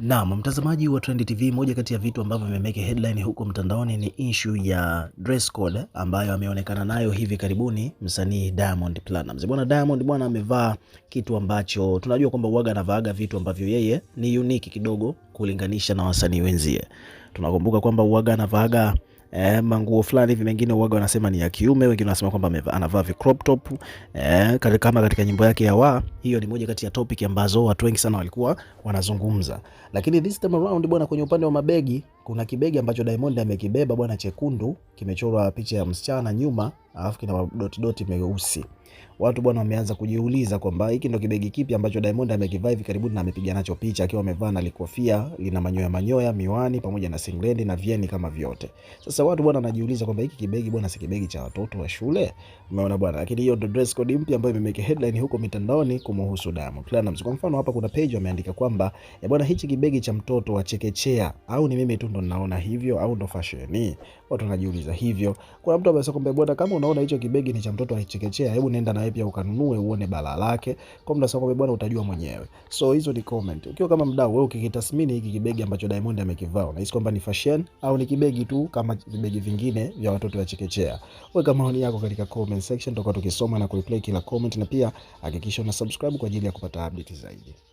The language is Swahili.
Naam, mtazamaji wa Trend TV, moja kati ya vitu ambavyo vimemeke headline huko mtandaoni ni issue ya dress code ambayo ameonekana nayo hivi karibuni msanii Diamond Platnumz. Bwana Diamond bwana amevaa kitu ambacho tunajua kwamba uaga anavaaga vitu ambavyo yeye ni unique kidogo kulinganisha na wasanii wenzie. Tunakumbuka kwamba uaga anavaaga eh, manguo fulani hivi, mengine uaga wanasema ni ya kiume, wengine wanasema kwamba anavaa crop top eh, kama katika nyimbo yake ya wa. Hiyo ni moja kati ya topic ambazo watu wengi sana walikuwa wanazungumza, lakini this time around bwana, kwenye upande wa mabegi kuna kibegi ambacho Diamond amekibeba bwana, chekundu, kimechorwa picha ya msichana nyuma, alafu kina dot dot meusi. Watu bwana wameanza kujiuliza kwamba hiki ndo kibegi kipi ambacho Diamond amekivaa hivi karibuni na amepiga nacho picha akiwa amevaa na likofia lina manyoya manyoya, miwani pamoja na singlendi na vieni kama vyote. Sasa watu bwana wanajiuliza kwamba hiki kibegi bwana si kibegi cha watoto wa shule? Umeona bwana, lakini hiyo ndo dress code mpya ambayo imemeke headline huko mitandaoni kumhusu Diamond Platnumz. Kwa mfano hapa kuna page wameandika kwamba eh bwana hichi kibegi cha mtoto wa chekechea au ni mimi tu ndo naona hivyo au ndo fasheni? Watu wanajiuliza hivyo. Kuna mtu amesema kwamba bwana, kama unaona hicho kibegi ni cha mtoto wa chekechea, hebu nenda naye pia ukanunue uone balaa lake. Kwa mtu anasema kwamba bwana, utajua mwenyewe. So hizo ni comment. Ukiwa kama mdau, wewe ukikitathmini hiki kibegi ambacho Diamond amekivaa, unahisi kwamba ni fashion au ni kibegi tu kama vibegi vingine vya watoto wa chekechea? Weka maoni yako katika comment section, tutakuwa tukisoma na kureply kila comment, na pia hakikisha una subscribe kwa ajili ya kupata update zaidi.